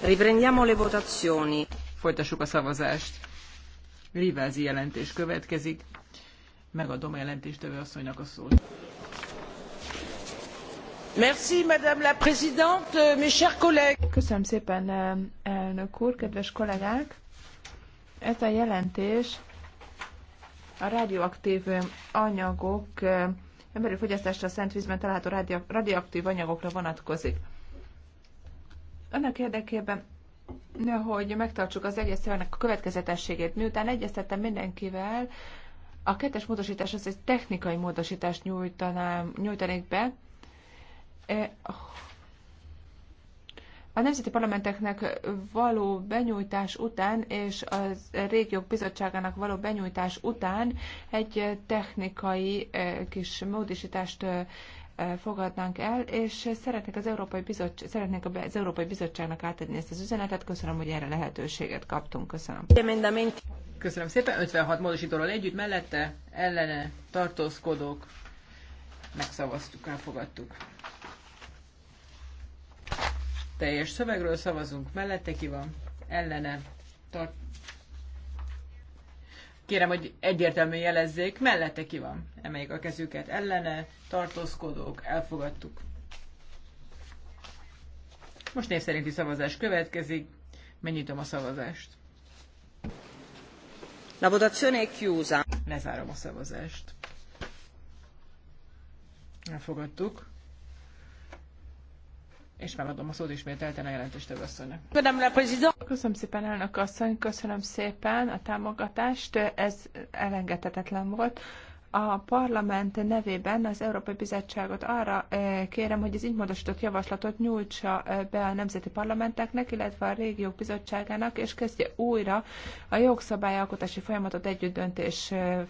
Riprendiamo le votazioni. Folytassuk a szavazást. Rivázi jelentés következik. Megadom a jelentéstevő asszonynak a szót. Merci, Madame la Présidente, mes chers collègues. Köszönöm szépen, eh, elnök úr, kedves kollégák! Ez a jelentés a radioaktív eh, anyagok, eh, emberi fogyasztásra szent vízben található radioaktív anyagokra vonatkozik annak érdekében, hogy megtartsuk az egyes szövegnek a következetességét, miután egyeztettem mindenkivel, a kettes módosítás az egy technikai módosítást nyújtanám, nyújtanék be. E, a nemzeti parlamenteknek való benyújtás után és a régiók bizottságának való benyújtás után egy technikai e, kis módosítást e, fogadnánk el, és szeretnék az Európai, Bizottság, szeretnék az Európai Bizottságnak átadni ezt az üzenetet. Köszönöm, hogy erre lehetőséget kaptunk. Köszönöm. Köszönöm szépen. 56 módosítóról együtt mellette ellene tartózkodók megszavaztuk, elfogadtuk. Teljes szövegről szavazunk, mellette ki van, ellene tart, Kérem, hogy egyértelműen jelezzék, mellette ki van. Emeljék a kezüket ellene, tartózkodók, elfogadtuk. Most név szerinti szavazás következik. Megnyitom a szavazást. La votazione è chiusa. Lezárom a szavazást. Elfogadtuk és megadom a szót ismételten a jelentéstevő asszonynak. Köszönöm szépen, elnök asszony, köszönöm szépen a támogatást, ez elengedhetetlen volt. A parlament nevében az Európai Bizottságot arra eh, kérem, hogy az így módosított javaslatot nyújtsa eh, be a nemzeti parlamenteknek, illetve a régiók bizottságának, és kezdje újra a jogszabályalkotási folyamatot együtt döntésben.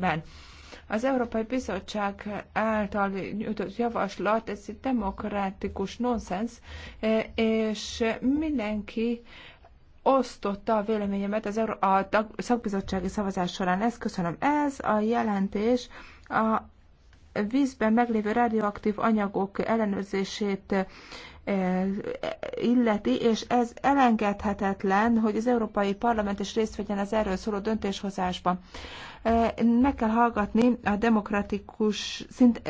Eh, az Európai Bizottság által nyújtott javaslat, ez egy demokratikus nonsens, e, és mindenki osztotta a véleményemet az Euró- a szakbizottsági szavazás során. Ezt köszönöm. Ez a jelentés a vízben meglévő radioaktív anyagok ellenőrzését illeti, és ez elengedhetetlen, hogy az Európai Parlament is részt vegyen az erről szóló döntéshozásban. Meg kell hallgatni a demokratikus szint,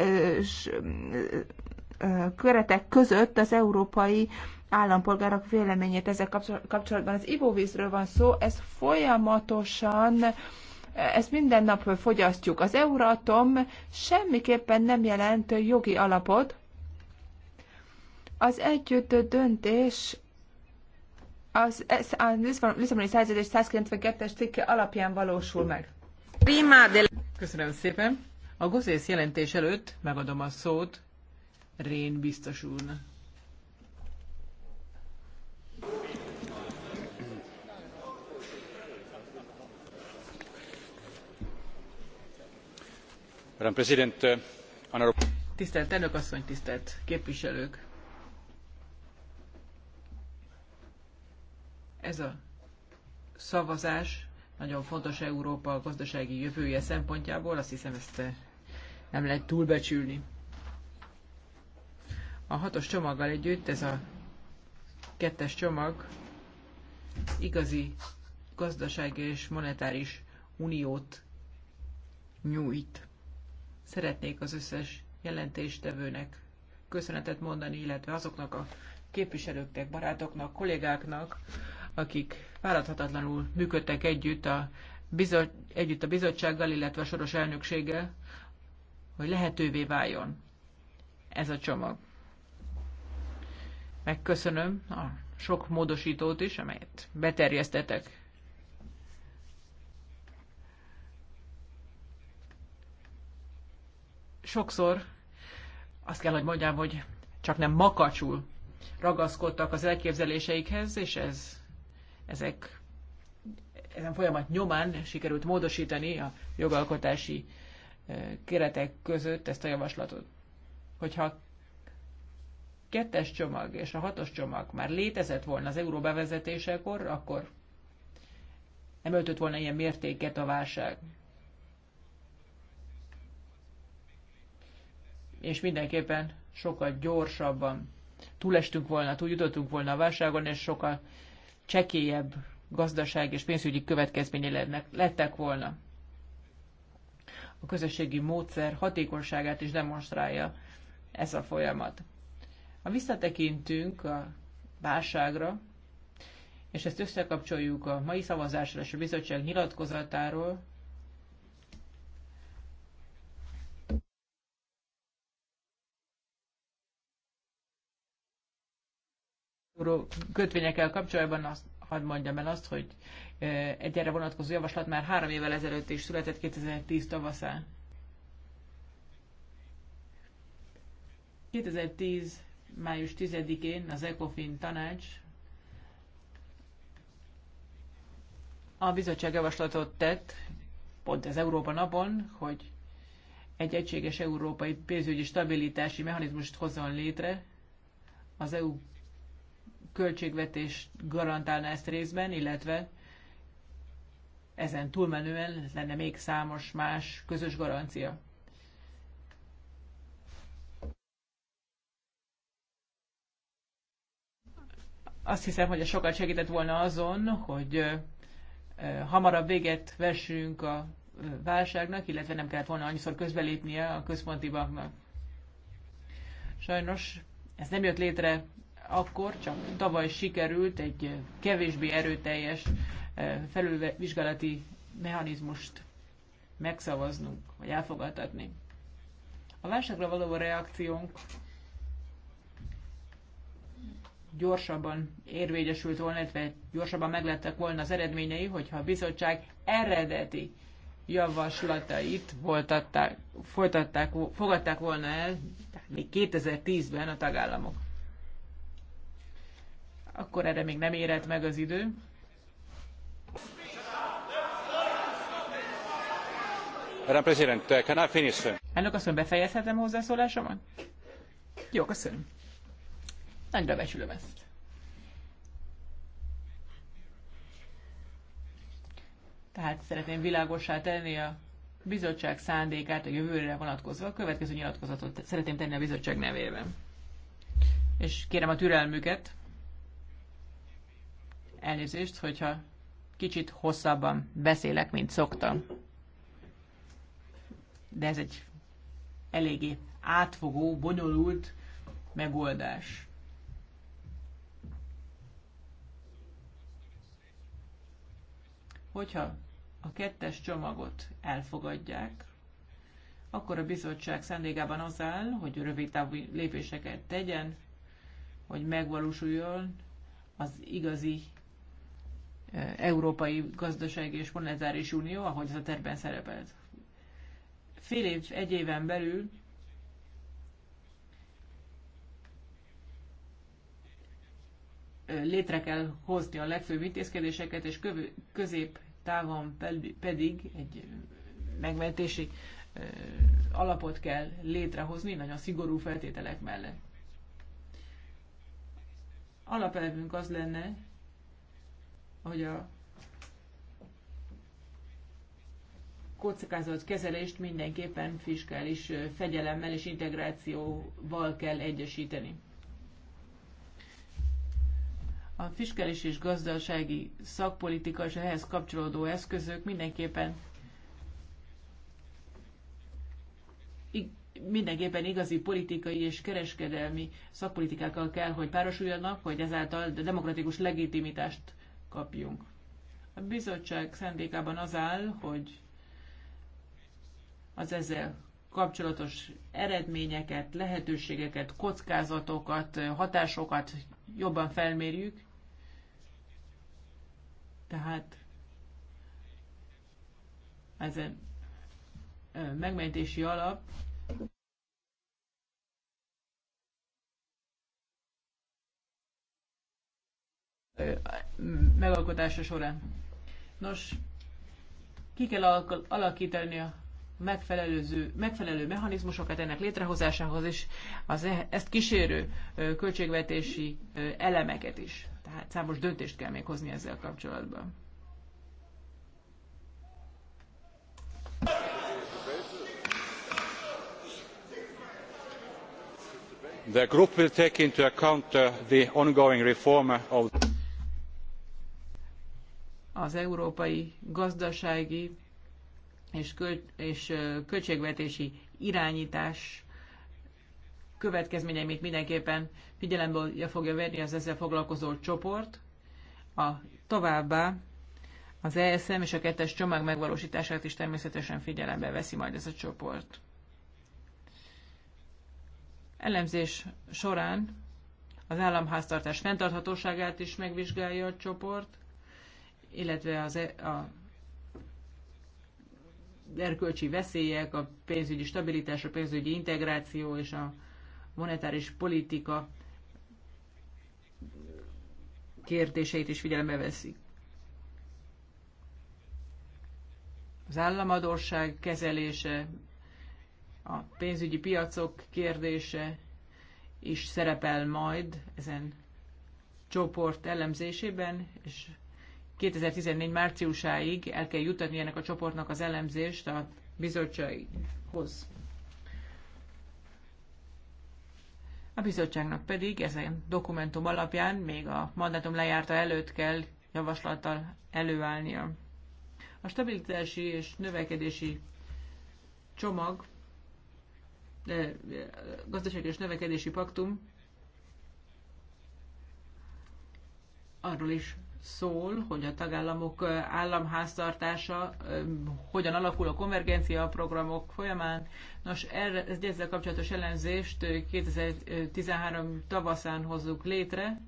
köretek között az európai állampolgárok véleményét ezzel kapcsolatban. Az ivóvízről van szó, ez folyamatosan ezt minden nap fogyasztjuk. Az Euratom semmiképpen nem jelent jogi alapot, az együtt döntés az, a Lisszaboni szerződés 192-es cikke alapján valósul meg. Köszönöm szépen. A gozész jelentés előtt megadom a szót Rén biztos úrnak. Tisztelt elnök asszony, tisztelt képviselők! Ez a szavazás nagyon fontos Európa gazdasági jövője szempontjából, azt hiszem ezt eh, nem lehet túlbecsülni. A hatos csomaggal együtt ez a kettes csomag igazi gazdasági és monetáris uniót nyújt. Szeretnék az összes jelentéstevőnek köszönetet mondani, illetve azoknak a képviselőknek, barátoknak, kollégáknak, akik fáradhatatlanul működtek együtt a, bizot, együtt a bizottsággal, illetve a soros elnökséggel, hogy lehetővé váljon ez a csomag. Megköszönöm a sok módosítót is, amelyet beterjesztetek. Sokszor azt kell, hogy mondjam, hogy csak nem makacsul ragaszkodtak az elképzeléseikhez, és ez ezek ezen folyamat nyomán sikerült módosítani a jogalkotási keretek között ezt a javaslatot. Hogyha a kettes csomag és a hatos csomag már létezett volna az euró bevezetésekor, akkor nem öltött volna ilyen mértéket a válság. És mindenképpen sokkal gyorsabban túlestünk volna, túl jutottunk volna a válságon, és sokkal csekélyebb gazdaság és pénzügyi következménye lettek volna. A közösségi módszer hatékonyságát is demonstrálja ez a folyamat. Ha visszatekintünk a válságra, és ezt összekapcsoljuk a mai szavazásra és a bizottság nyilatkozatáról, kötvényekkel kapcsolatban azt hadd mondjam el azt, hogy egy erre vonatkozó javaslat már három évvel ezelőtt is született 2010 tavaszán. 2010. május 10-én az ECOFIN tanács a bizottság javaslatot tett, pont az Európa napon, hogy egy egységes európai pénzügyi stabilitási mechanizmust hozzon létre az EU költségvetés garantálna ezt részben, illetve ezen túlmenően lenne még számos más közös garancia. Azt hiszem, hogy a sokat segített volna azon, hogy hamarabb véget vessünk a válságnak, illetve nem kellett volna annyiszor közbelépnie a központi banknak. Sajnos ez nem jött létre akkor csak tavaly sikerült egy kevésbé erőteljes eh, felülvizsgálati mechanizmust megszavaznunk, vagy elfogadtatni. A válságra való reakciónk gyorsabban érvényesült volna, illetve gyorsabban meglettek volna az eredményei, hogyha a bizottság eredeti javaslatait folytatták, folytatták, fogadták volna el még 2010-ben a tagállamok akkor erre még nem érett meg az idő. Madam President, uh, can I finish? Elnök asszony, befejezhetem hozzászólásomat? Jó, köszönöm. Nagyra becsülöm ezt. Tehát szeretném világossá tenni a bizottság szándékát a jövőre vonatkozva. A következő nyilatkozatot szeretném tenni a bizottság nevében. És kérem a türelmüket. Elnézést, hogyha kicsit hosszabban beszélek, mint szoktam. De ez egy eléggé átfogó, bonyolult megoldás. Hogyha a kettes csomagot elfogadják, akkor a bizottság szándékában az áll, hogy rövid távú lépéseket tegyen, hogy megvalósuljon az igazi Európai Gazdasági és Monetáris Unió, ahogy ez a terben szerepelt. Fél év, egy éven belül létre kell hozni a legfőbb intézkedéseket, és közép távon pedig egy megmentési alapot kell létrehozni, nagyon szigorú feltételek mellett. Alapelvünk az lenne, hogy a kockázat kezelést mindenképpen fiskális fegyelemmel és integrációval kell egyesíteni. A fiskális és gazdasági szakpolitika és ehhez kapcsolódó eszközök mindenképpen mindenképpen igazi politikai és kereskedelmi szakpolitikákkal kell, hogy párosuljanak, hogy ezáltal demokratikus legitimitást kapjunk. A bizottság szándékában az áll, hogy az ezzel kapcsolatos eredményeket, lehetőségeket, kockázatokat, hatásokat jobban felmérjük. Tehát ezen megmentési alap megalkotása során. Nos, ki kell alakítani a megfelelő, megfelelő mechanizmusokat ennek létrehozásához, és az e-, ezt kísérő költségvetési elemeket is. Tehát számos döntést kell még hozni ezzel kapcsolatban. The group will take into account uh, the ongoing reform of az európai gazdasági és, köl- és költségvetési irányítás következményeit mindenképpen figyelembe fogja venni az ezzel foglalkozó csoport. A, továbbá az ESM és a kettes csomag megvalósítását is természetesen figyelembe veszi majd ez a csoport. Elemzés során az államháztartás fenntarthatóságát is megvizsgálja a csoport, illetve az, e- a erkölcsi veszélyek, a pénzügyi stabilitás, a pénzügyi integráció és a monetáris politika kérdéseit is figyelembe veszik. Az államadóság kezelése, a pénzügyi piacok kérdése is szerepel majd ezen csoport elemzésében, és 2014 márciusáig el kell jutatni ennek a csoportnak az elemzést a bizottsághoz. A bizottságnak pedig ezen dokumentum alapján még a mandátum lejárta előtt kell javaslattal előállnia. A stabilitási és növekedési csomag, gazdasági és növekedési paktum arról is szól, hogy a tagállamok államháztartása hogyan alakul a konvergencia programok folyamán. Nos, erre, ezzel kapcsolatos ellenzést 2013 tavaszán hozzuk létre,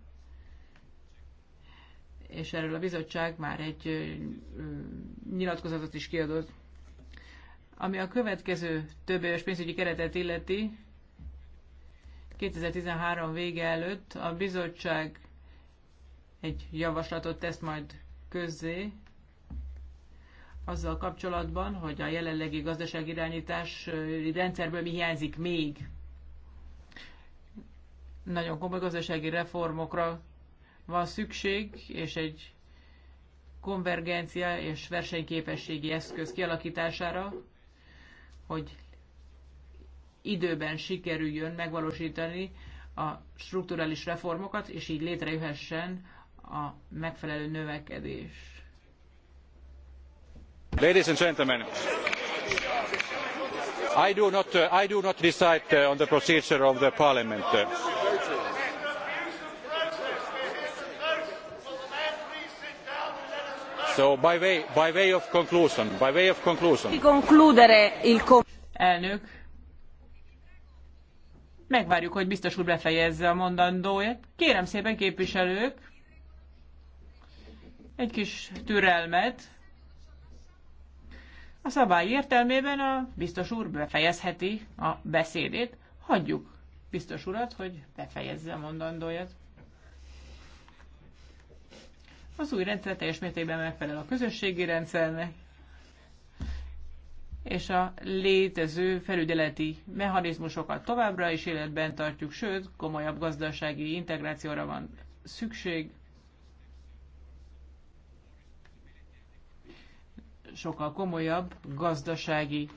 és erről a bizottság már egy nyilatkozatot is kiadott. Ami a következő több éves pénzügyi keretet illeti, 2013 vége előtt a bizottság egy javaslatot tesz majd közzé azzal kapcsolatban, hogy a jelenlegi gazdaságirányítás rendszerből mi hiányzik még. Nagyon komoly gazdasági reformokra van szükség, és egy konvergencia és versenyképességi eszköz kialakítására, hogy időben sikerüljön megvalósítani a strukturális reformokat, és így létrejöhessen a megfelelő növekedés. Ladies and gentlemen, I do not, uh, I do not decide uh, on the procedure of the parliament. So by way, by way of conclusion, by way of conclusion. Elnök, megvárjuk, hogy biztos úr befejezze a mondandóját. Kérem szépen képviselők, egy kis türelmet. A szabály értelmében a biztos úr befejezheti a beszédét. Hagyjuk biztos urat, hogy befejezze a mondandóját. Az új rendszer teljes mértékben megfelel a közösségi rendszernek, és a létező felügyeleti mechanizmusokat továbbra is életben tartjuk, sőt, komolyabb gazdasági integrációra van szükség. sokkal komolyabb gazdasági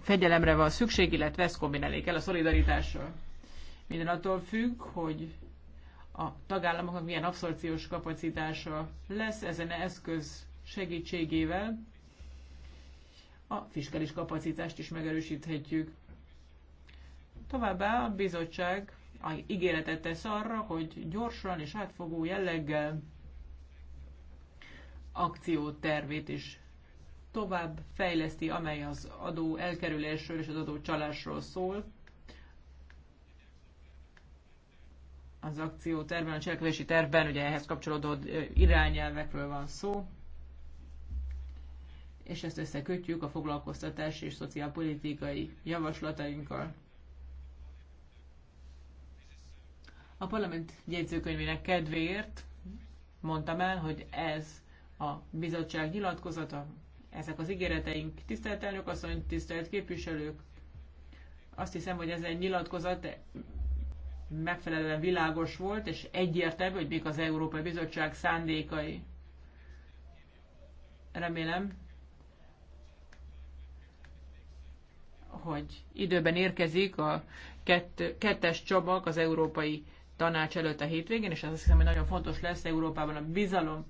fegyelemre van szükség, illetve ezt kombinálnék el a szolidaritással. Minden attól függ, hogy a tagállamoknak milyen abszorciós kapacitása lesz ezen eszköz segítségével. A fiskális kapacitást is megerősíthetjük. Továbbá a bizottság ígéretet tesz arra, hogy gyorsan és átfogó jelleggel akciótervét is tovább fejleszti, amely az adó elkerülésről és az adó csalásról szól. Az akciótervben, a cselekvési tervben ugye ehhez kapcsolódó irányelvekről van szó, és ezt összekötjük a foglalkoztatási és szociálpolitikai javaslatainkkal. A parlament jegyzőkönyvének kedvéért mondtam el, hogy ez a bizottság nyilatkozata, ezek az ígéreteink. Tisztelt elnök asszony, tisztelt képviselők! Azt hiszem, hogy ez egy nyilatkozat megfelelően világos volt, és egyértelmű, hogy még az Európai Bizottság szándékai. Remélem, hogy időben érkezik a kett, kettes csomag az Európai Tanács előtt a hétvégén, és azt hiszem, hogy nagyon fontos lesz Európában a bizalom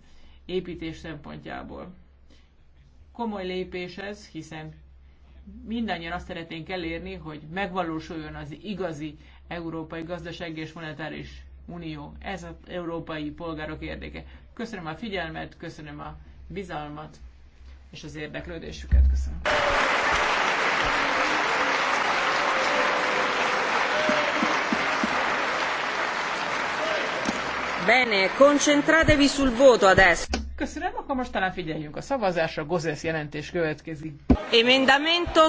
építés szempontjából. Komoly lépés ez, hiszen mindannyian azt szeretnénk elérni, hogy megvalósuljon az igazi Európai Gazdasági és Monetáris Unió. Ez az európai polgárok érdeke. Köszönöm a figyelmet, köszönöm a bizalmat és az érdeklődésüket. Köszönöm. Bene, concentratevi sul voto adesso. Köszönöm, akkor most talán figyeljünk a szavazásra, Gozesz jelentés következik. Emendamento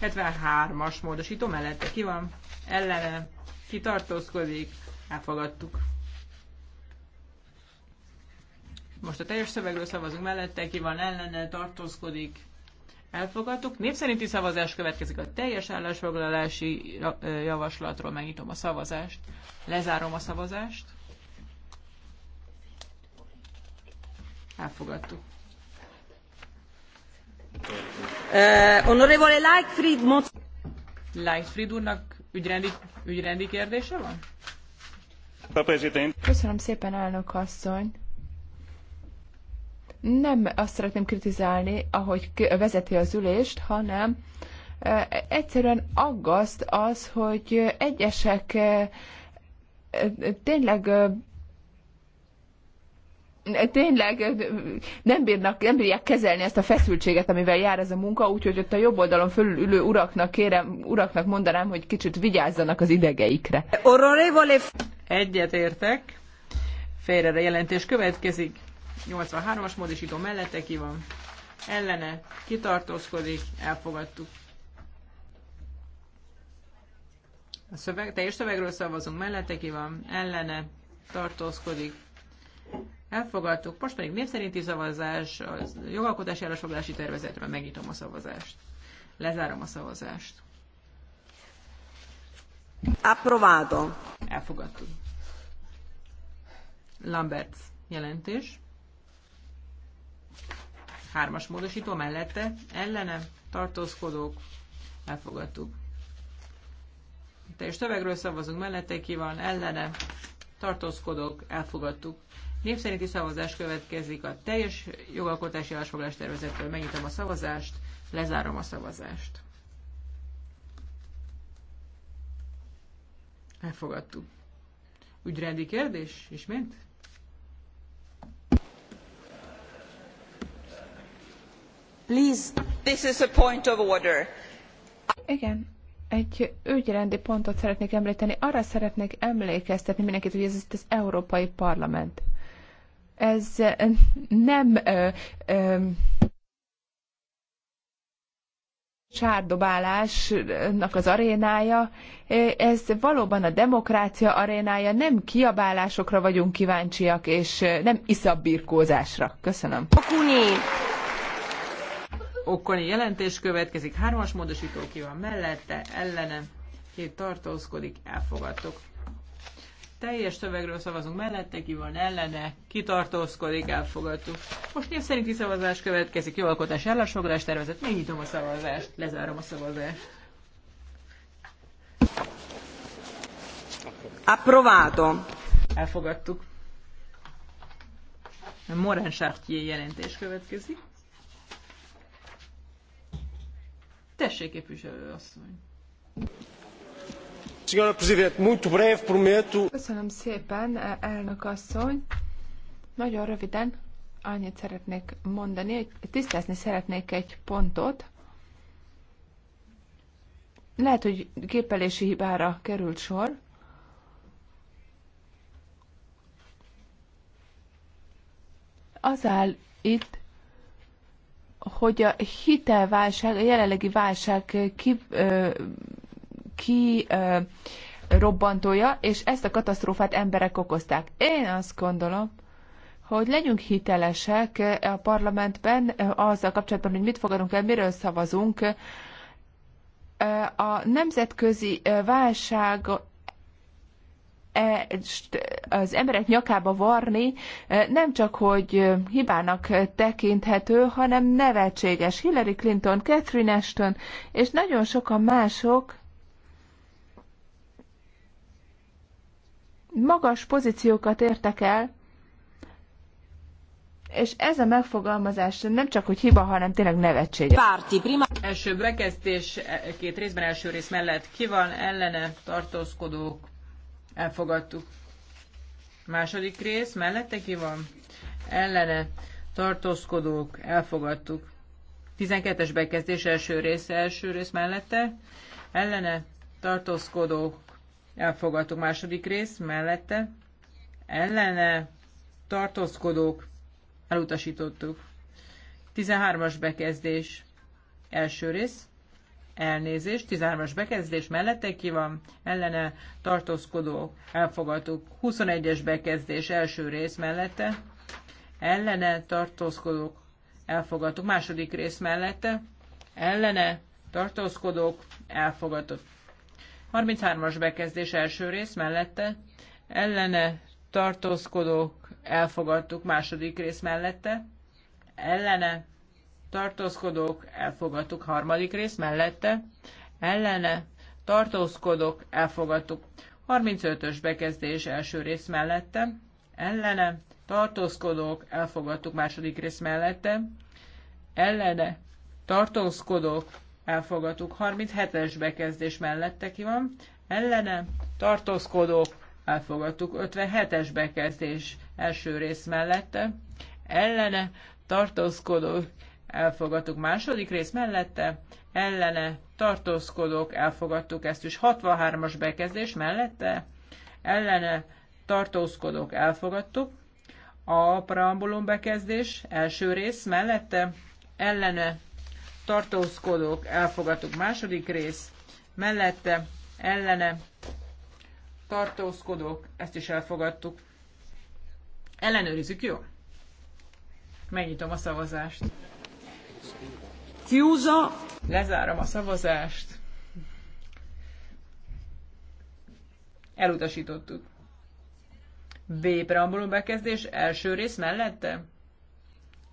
73-as módosító mellette ki van, ellene, ki tartózkodik, elfogadtuk. Most a teljes szövegről szavazunk mellette, ki van ellene, tartózkodik, elfogadtuk. Népszerinti szavazás következik a teljes állásfoglalási javaslatról. Megnyitom a szavazást, lezárom a szavazást. Elfogadtuk. Honorable Leichfried, most... Leichfried úrnak ügyrendi, ügyrendi kérdése van? Köszönöm szépen, elnök asszony. Nem azt szeretném kritizálni, ahogy vezeti az ülést, hanem egyszerűen aggaszt az, hogy egyesek tényleg tényleg nem, bírnak, nem bírják kezelni ezt a feszültséget, amivel jár ez a munka, úgyhogy ott a jobb oldalon fölülülő uraknak, kérem, uraknak mondanám, hogy kicsit vigyázzanak az idegeikre. Egyet értek. Félre jelentés következik. 83-as módosító mellette ki van. Ellene kitartózkodik, elfogadtuk. A szöveg, teljes szövegről szavazunk mellette ki van, ellene tartózkodik, Elfogadtuk. Most pedig népszerinti szerinti szavazás, a jogalkotási állásfoglalási tervezetről megnyitom a szavazást. Lezárom a szavazást. Aprovado. Elfogadtuk. Lambert jelentés. Hármas módosító mellette, ellene, tartózkodók, elfogadtuk. Teljes tövegről szavazunk mellette, ki van, ellene, tartózkodók, elfogadtuk. Népszerinti szavazás következik a teljes jogalkotási állásfoglalás tervezetről. Megnyitom a szavazást, lezárom a szavazást. Elfogadtuk. Ügyrendi kérdés? Ismét? Please, this is a point of order. Igen, egy ügyrendi pontot szeretnék említeni. Arra szeretnék emlékeztetni mindenkit, hogy ez itt az Európai Parlament ez nem ö, ö, sárdobálásnak az arénája, ez valóban a demokrácia arénája, nem kiabálásokra vagyunk kíváncsiak, és nem iszabbirkózásra. Köszönöm. Okuni! Okoni jelentés következik, hármas módosító ki van mellette, ellene, két tartózkodik, elfogadtok teljes szövegről szavazunk mellette, ki van ellene, kitartózkodik, elfogadtuk. Most név szerinti szavazás következik, jogalkotás tervezett. tervezet, nyitom a szavazást, lezárom a szavazást. Approvato. Elfogadtuk. A Morán Sartier jelentés következik. Tessék, képviselő asszony. Köszönöm szépen, elnök asszony. Nagyon röviden annyit szeretnék mondani, hogy tisztázni szeretnék egy pontot. Lehet, hogy gépelési hibára került sor. Az áll itt, hogy a hitelválság, a jelenlegi válság ki, ö, ki robbantója, és ezt a katasztrófát emberek okozták. Én azt gondolom, hogy legyünk hitelesek a parlamentben azzal kapcsolatban, hogy mit fogadunk el, miről szavazunk. A nemzetközi válság e, az emberek nyakába varni nem csak, hogy hibának tekinthető, hanem nevetséges. Hillary Clinton, Catherine Ashton és nagyon sokan mások magas pozíciókat értek el, és ez a megfogalmazás nem csak, hogy hiba, hanem tényleg nevetség. Párti prima. Első bekezdés e, két részben, első rész mellett ki van, ellene tartózkodók, elfogadtuk. Második rész, mellette ki van, ellene tartózkodók, elfogadtuk. 12-es bekezdés első rész, első rész mellette, ellene tartózkodók, Elfogadtuk második rész, mellette, ellene, tartózkodók, elutasítottuk. 13-as bekezdés, első rész, elnézés, 13-as bekezdés mellette ki van, ellene tartózkodók, elfogadtuk. 21-es bekezdés első rész mellette, ellene tartózkodók, elfogadtuk. Második rész mellette, ellene tartózkodók, elfogadtuk. 33-as bekezdés első rész mellette, ellene tartózkodók elfogadtuk második rész mellette, ellene tartózkodók elfogadtuk harmadik rész mellette, ellene tartózkodók elfogadtuk 35-ös bekezdés első rész mellette, ellene tartózkodók elfogadtuk második rész mellette, ellene tartózkodók elfogadtuk. 37-es bekezdés mellette ki van, ellene, tartózkodók, elfogadtuk. 57-es bekezdés első rész mellette, ellene, tartózkodók, elfogadtuk. Második rész mellette, ellene, tartózkodók, elfogadtuk ezt is. 63-as bekezdés mellette, ellene, tartózkodók, elfogadtuk. A preambulum bekezdés első rész mellette, ellene, tartózkodók, elfogadtuk. Második rész mellette, ellene, tartózkodók, ezt is elfogadtuk. Ellenőrizzük, jó? Megnyitom a szavazást. Kiúza! Lezárom a szavazást. Elutasítottuk. B. Preambulum bekezdés első rész mellette?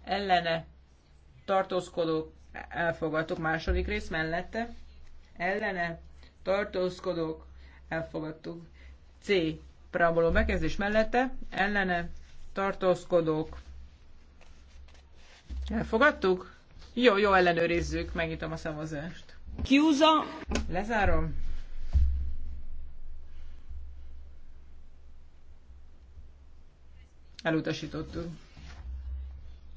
Ellene. Tartózkodók elfogadtuk. Második rész mellette, ellene, tartózkodok, elfogadtuk. C. Preambuló bekezdés mellette, ellene, tartózkodok. elfogadtuk. Jó, jó, ellenőrizzük, megnyitom a szavazást. Kiúza. Lezárom. Elutasítottuk.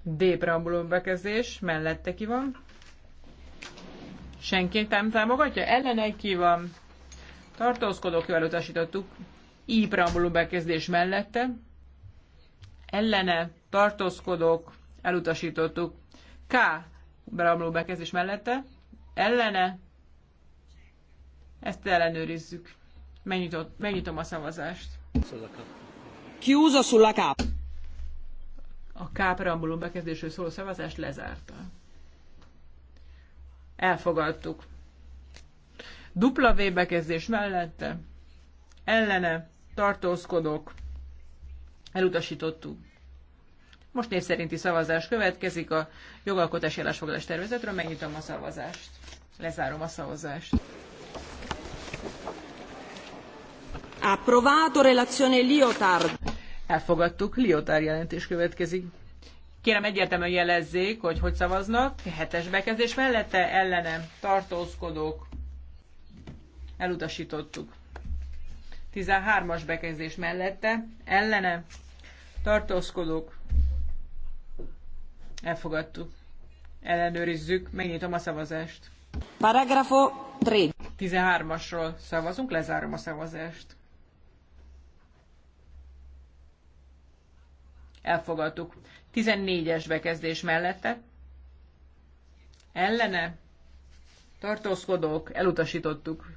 D preambulum bekezdés, mellette ki van. Senki nem támogatja? Ellene ki van. Tartózkodó elutasítottuk. I preambulum bekezdés mellette. Ellene tartózkodók elutasítottuk. K preambulum bekezdés mellette. Ellene. Ezt ellenőrizzük. Megnyitott, megnyitom a szavazást. Kiúza a cap. A K preambulum bekezdésről szóló szavazást lezárta. Elfogadtuk. Dupla V bekezdés mellette, ellene, tartózkodok, elutasítottuk. Most név szerinti szavazás következik a jogalkotási állásfoglalás tervezetről. Megnyitom a szavazást. Lezárom a szavazást. Approvato relazione Liotard. Elfogadtuk, Liotard jelentés következik. Kérem egyértelműen jelezzék, hogy hogy szavaznak. Hetes bekezdés mellette ellenem tartózkodók. Elutasítottuk. 13-as bekezdés mellette ellene tartózkodók. Elfogadtuk. Ellenőrizzük, megnyitom a szavazást. Paragrafo 3. 13-asról szavazunk, lezárom a szavazást. Elfogadtuk. 14-es bekezdés mellette ellene tartózkodók elutasítottuk.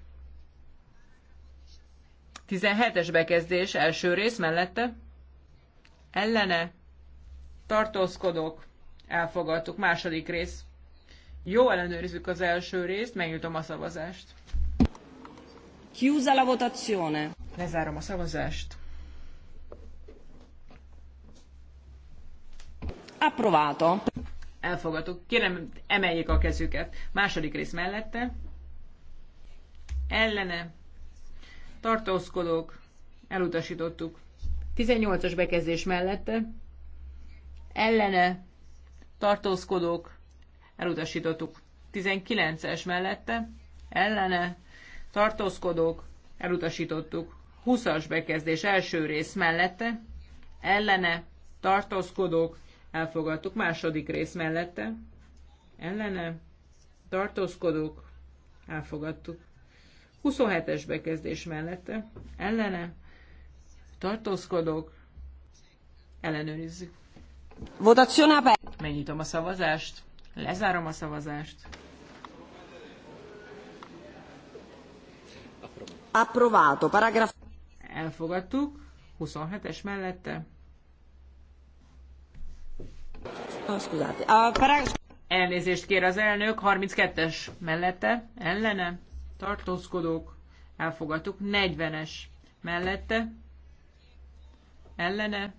17-es bekezdés első rész mellette ellene tartózkodók elfogadtuk. Második rész. Jó ellenőrizzük az első részt, megnyitom a szavazást. Chiusa la votazione. Lezárom a szavazást. Approvato. Elfogadok. Kérem, emeljék a kezüket. Második rész mellette. Ellene. Tartózkodók. Elutasítottuk. 18-as bekezdés mellette. Ellene. Tartózkodók. Elutasítottuk. 19-es mellette. Ellene. Tartózkodók. Elutasítottuk. 20-as bekezdés első rész mellette. Ellene. Tartózkodók elfogadtuk. Második rész mellette, ellene, tartózkodók, elfogadtuk. 27-es bekezdés mellette, ellene, tartózkodók, ellenőrizzük. Votazione Megnyitom a szavazást, lezárom a szavazást. Approvato, paragraf... Elfogadtuk, 27-es mellette, scusate. A Elnézést kér az elnök, 32-es mellette, ellene, tartózkodók, elfogadtuk, 40-es mellette, ellene,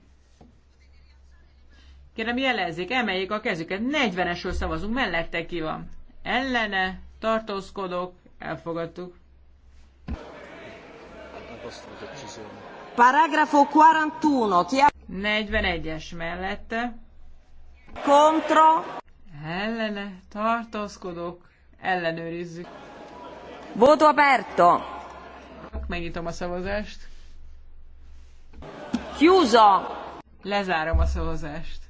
Kérem jelezzék, emeljék a kezüket. 40-esről szavazunk, mellette ki van. Ellene, tartózkodók, elfogadtuk. Paragrafo 41. 41-es mellette, Kontra. Ellene tartózkodok. Ellenőrizzük. Voto aperto. Megnyitom a szavazást. Chiuso. Lezárom a szavazást.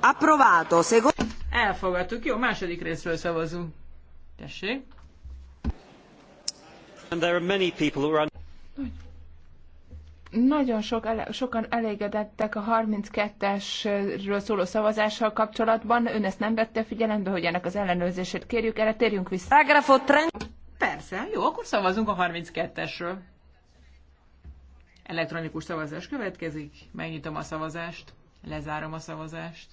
Approvato. Elfogadtuk. Jó, második részről szavazunk. Tessék. And there are many people who are nagyon sok, sokan elégedettek a 32-esről szóló szavazással kapcsolatban. Ön ezt nem vette figyelembe, hogy ennek az ellenőrzését kérjük. Erre térjünk vissza. Persze, jó, akkor szavazunk a 32-esről. Elektronikus szavazás következik. Megnyitom a szavazást. Lezárom a szavazást.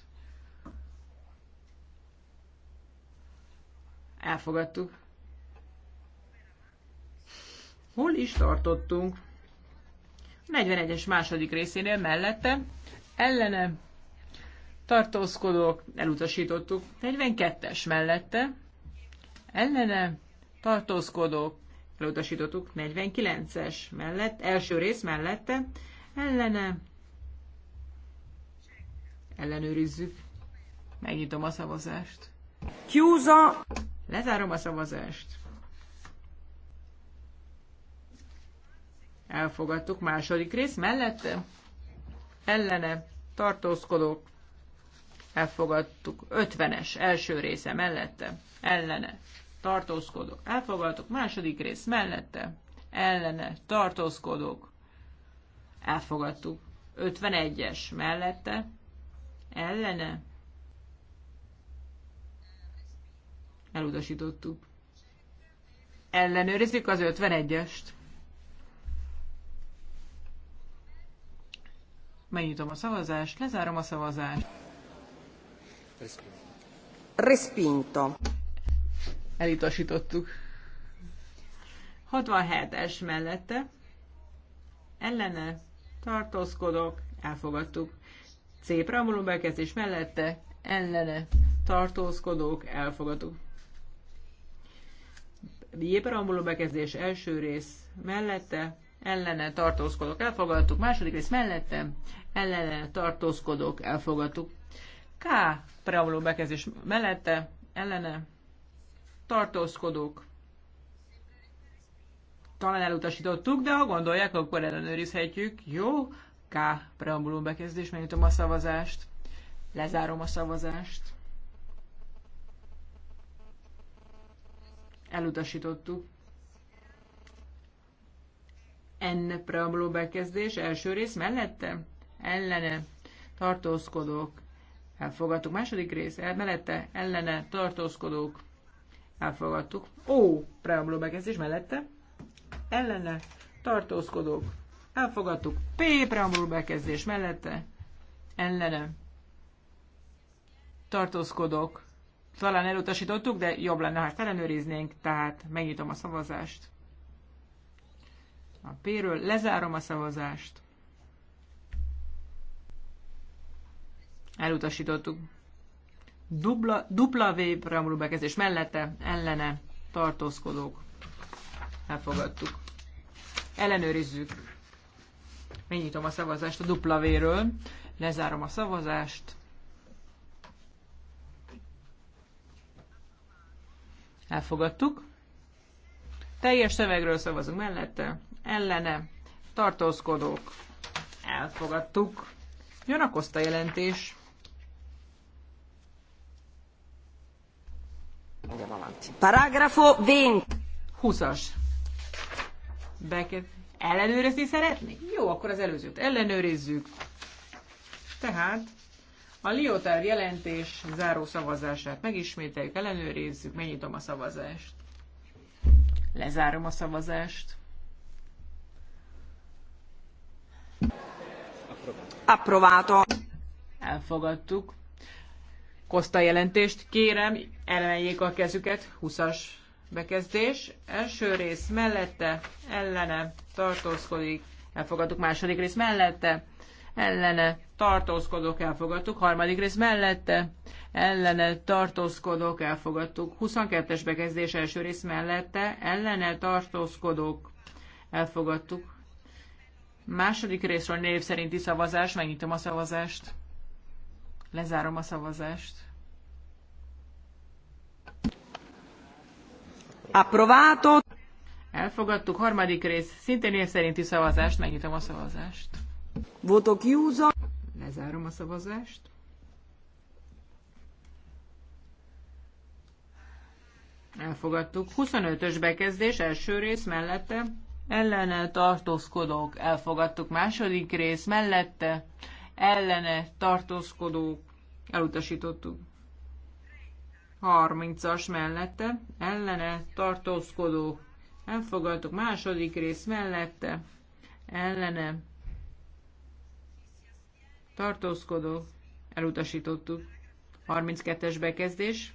Elfogadtuk. Hol is tartottunk? 41-es második részénél mellette ellene tartózkodók, elutasítottuk. 42-es mellette ellene tartózkodók, elutasítottuk. 49-es mellett, első rész mellette ellene ellenőrizzük. Megnyitom a szavazást. Kiúza! Lezárom a szavazást. Elfogadtuk. Második rész mellette. Ellene. Tartózkodók. Elfogadtuk. 50-es első része mellette. Ellene. Tartózkodók. Elfogadtuk. Második rész mellette. Ellene. Tartózkodók. Elfogadtuk. 51-es mellette. Ellene. Elutasítottuk. Ellenőrizzük az 51-est. Megnyitom a szavazást, lezárom a szavazást. Respinto. Elutasítottuk. 67-es mellette. Ellene. Tartózkodok. Elfogadtuk. C preambulum bekezdés mellette. Ellene. Tartózkodók. Elfogadtuk. J preambulum bekezdés első rész mellette ellene tartózkodok, elfogadtuk. Második rész mellette, ellene tartózkodok, elfogadtuk. K. Preauló bekezdés mellette, ellene tartózkodok. Talán elutasítottuk, de ha gondolják, akkor ellenőrizhetjük. Jó, K. Preambuló bekezdés, megnyitom a szavazást. Lezárom a szavazást. Elutasítottuk. N preambuló bekezdés, első rész mellette, ellene, tartózkodók, elfogadtuk. Második rész, el, mellette, ellene, tartózkodók, elfogadtuk. Ó, preambuló bekezdés mellette, ellene, tartózkodók, elfogadtuk. P preambuló bekezdés mellette, ellene, tartózkodók, talán elutasítottuk, de jobb lenne, ha ellenőriznénk, tehát megnyitom a szavazást a P-ről. Lezárom a szavazást. Elutasítottuk. Dupla, dupla V preambulú bekezdés mellette, ellene, tartózkodók. Elfogadtuk. Ellenőrizzük. Megnyitom a szavazást a dupla V-ről. Lezárom a szavazást. Elfogadtuk. Teljes szövegről szavazunk mellette ellene tartózkodók elfogadtuk. Jön a Koszta jelentés. Paragrafo 20. 20-as. Beket. Ellenőrizni szeretnék? Jó, akkor az előzőt ellenőrizzük. Tehát a Liotár jelentés záró szavazását megismételjük, ellenőrizzük, megnyitom a szavazást. Lezárom a szavazást. Approvato. Elfogadtuk. Koszta jelentést kérem, emeljék a kezüket, 20-as bekezdés. Első rész mellette, ellene, tartózkodik, elfogadtuk. Második rész mellette, ellene, tartózkodok, elfogadtuk. Harmadik rész mellette, ellene, tartózkodok, elfogadtuk. 22-es bekezdés első rész mellette, ellene, tartózkodok, elfogadtuk. Második részről név szerinti szavazás, megnyitom a szavazást. Lezárom a szavazást. Approvato. Elfogadtuk. Harmadik rész, szintén név szerinti szavazást, megnyitom a szavazást. Voto chiuso. Lezárom a szavazást. Elfogadtuk. 25-ös bekezdés, első rész mellette ellene tartózkodók elfogadtuk. Második rész mellette ellene tartózkodók elutasítottuk. 30-as mellette ellene tartózkodók elfogadtuk. Második rész mellette ellene tartózkodók elutasítottuk. 32-es bekezdés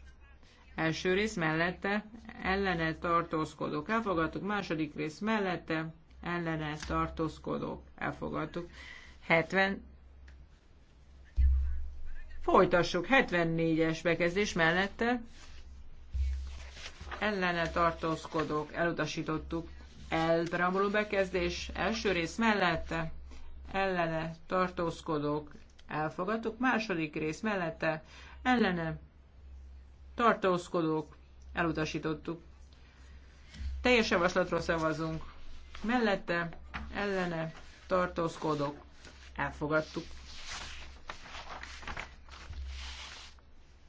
Első rész mellette ellene tartózkodok, elfogadtuk, második rész mellette ellene tartózkodok, elfogadtuk. 70 Folytassuk, 74-es bekezdés mellette ellene tartózkodok, elutasítottuk el bekezdés első rész mellette ellene tartózkodok, elfogadtuk, második rész mellette ellene tartózkodók, elutasítottuk. Teljes javaslatról szavazunk. Mellette, ellene, tartózkodók, elfogadtuk.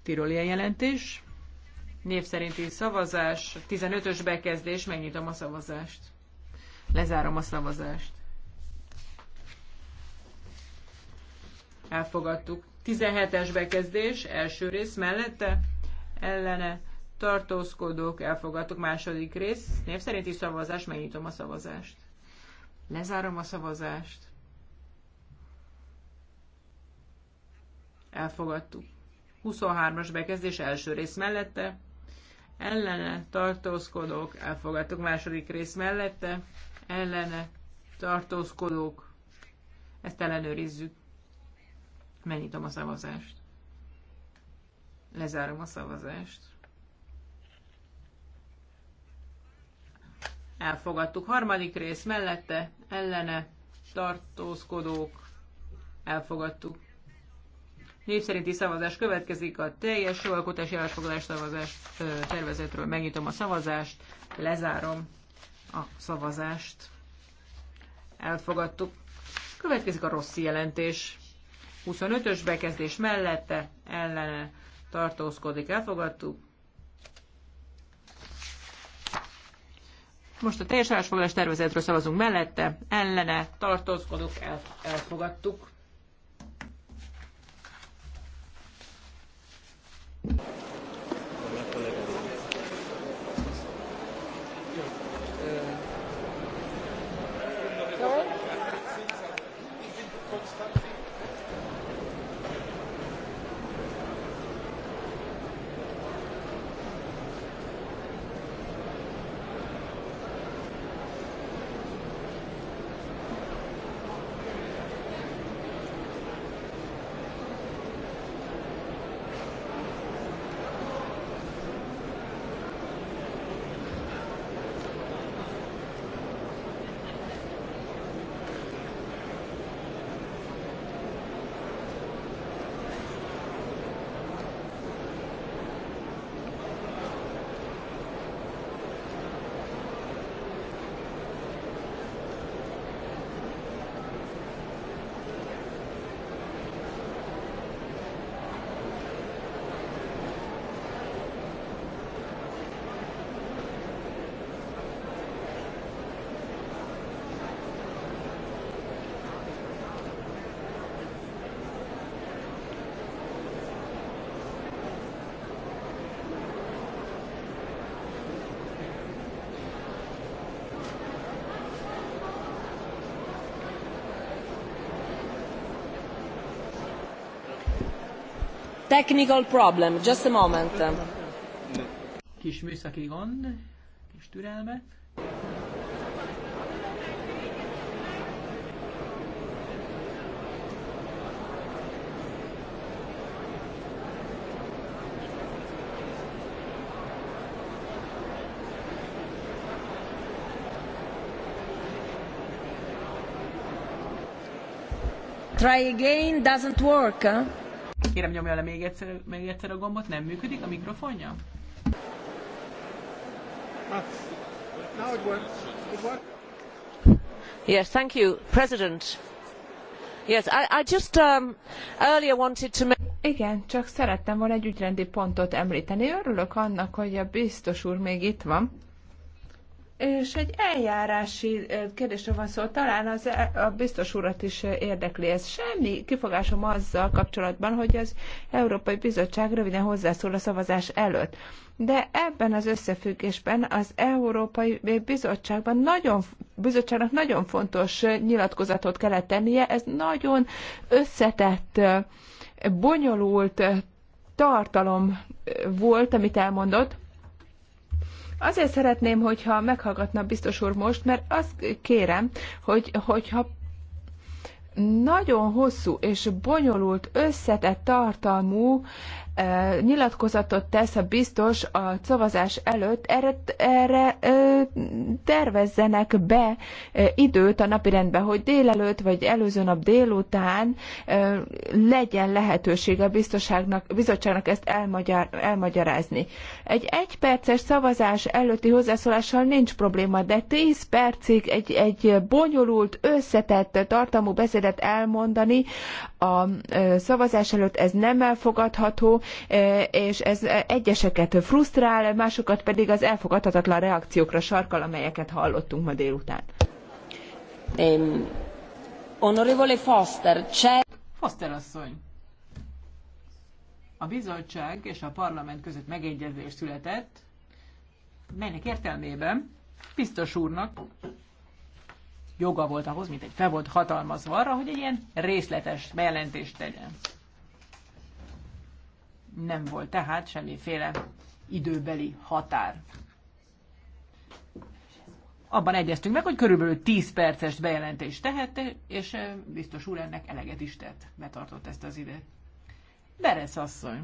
Tirolia jelentés. Név szerinti szavazás, 15-ös bekezdés, megnyitom a szavazást. Lezárom a szavazást. Elfogadtuk. 17-es bekezdés, első rész mellette, ellene tartózkodók, elfogadtuk második rész, név szerinti szavazás, megnyitom a szavazást. Lezárom a szavazást. Elfogadtuk. 23-as bekezdés első rész mellette, ellene tartózkodók, elfogadtuk második rész mellette, ellene tartózkodók, ezt ellenőrizzük. Megnyitom a szavazást. Lezárom a szavazást. Elfogadtuk. Harmadik rész mellette, ellene, tartózkodók. Elfogadtuk. Népszerinti szavazás következik a teljes sovalkotási állásfoglalás szavazás tervezetről. Megnyitom a szavazást, lezárom a szavazást. Elfogadtuk. Következik a rossz jelentés. 25-ös bekezdés mellette, ellene tartózkodik, elfogadtuk. Most a teljes állásfoglalás tervezetről szavazunk mellette, ellene tartózkodunk, el, elfogadtuk. Technical problem, just a moment. Kis műszaki gond, kis türelme. Try again doesn't work. Huh? Kérem nyomja le még egyszer, még egyszer a gombot, nem működik a mikrofonja? Now it works. Yes, thank you, President. Yes, I, I just um, earlier wanted to. Make... Igen, csak szerettem volna egy ügyrendi pontot említeni. Örülök annak, hogy a biztos úr még itt van és egy eljárási kérdésre van szó, talán az, e, a biztos urat is érdekli ez. Semmi kifogásom azzal kapcsolatban, hogy az Európai Bizottság röviden hozzászól a szavazás előtt. De ebben az összefüggésben az Európai Bizottságban nagyon, bizottságnak nagyon fontos nyilatkozatot kellett tennie. Ez nagyon összetett, bonyolult tartalom volt, amit elmondott Azért szeretném, hogyha meghallgatna biztos úr most, mert azt kérem, hogy, hogyha nagyon hosszú és bonyolult, összetett tartalmú nyilatkozatot tesz a biztos a szavazás előtt, erre, erre tervezzenek be időt a napirendbe, hogy délelőtt vagy előző nap délután legyen lehetősége a bizottságnak ezt elmagyar, elmagyarázni. Egy egyperces szavazás előtti hozzászólással nincs probléma, de 10 percig egy, egy bonyolult, összetett tartalmú beszédet elmondani a szavazás előtt, ez nem elfogadható, E, és ez egyeseket frusztrál, másokat pedig az elfogadhatatlan reakciókra sarkal, amelyeket hallottunk ma délután. Um, honorable Foster, cse... Foster asszony, a bizottság és a parlament között megegyezés született, melynek értelmében biztos úrnak joga volt ahhoz, mint egy fel volt hatalmazva arra, hogy egy ilyen részletes bejelentést tegyen nem volt tehát semmiféle időbeli határ. Abban egyeztünk meg, hogy körülbelül 10 perces bejelentést tehet, és biztos úr ennek eleget is tett, betartott ezt az időt. Beresz asszony.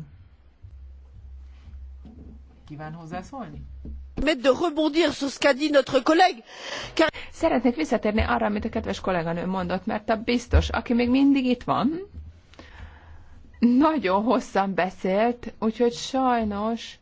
Kíván hozzászólni? de rebondir sur ce qu'a dit notre collègue. Car... Szeretnék visszatérni arra, amit a kedves kolléganő mondott, mert a biztos, aki még mindig itt van, nagyon hosszan beszélt, úgyhogy sajnos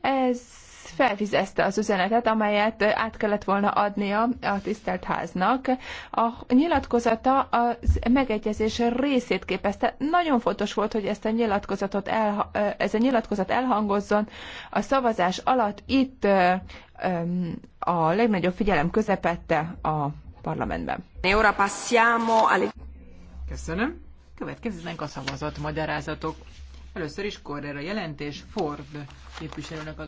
ez felfizezte az üzenetet, amelyet át kellett volna adnia a tisztelt háznak. A nyilatkozata az megegyezés részét képezte. Nagyon fontos volt, hogy ezt a nyilatkozatot el, ez a nyilatkozat elhangozzon. A szavazás alatt itt a legnagyobb figyelem közepette a parlamentben. Köszönöm. Következnek a szavazatmagyarázatok. Először is Korrer a jelentés Ford képviselőnek a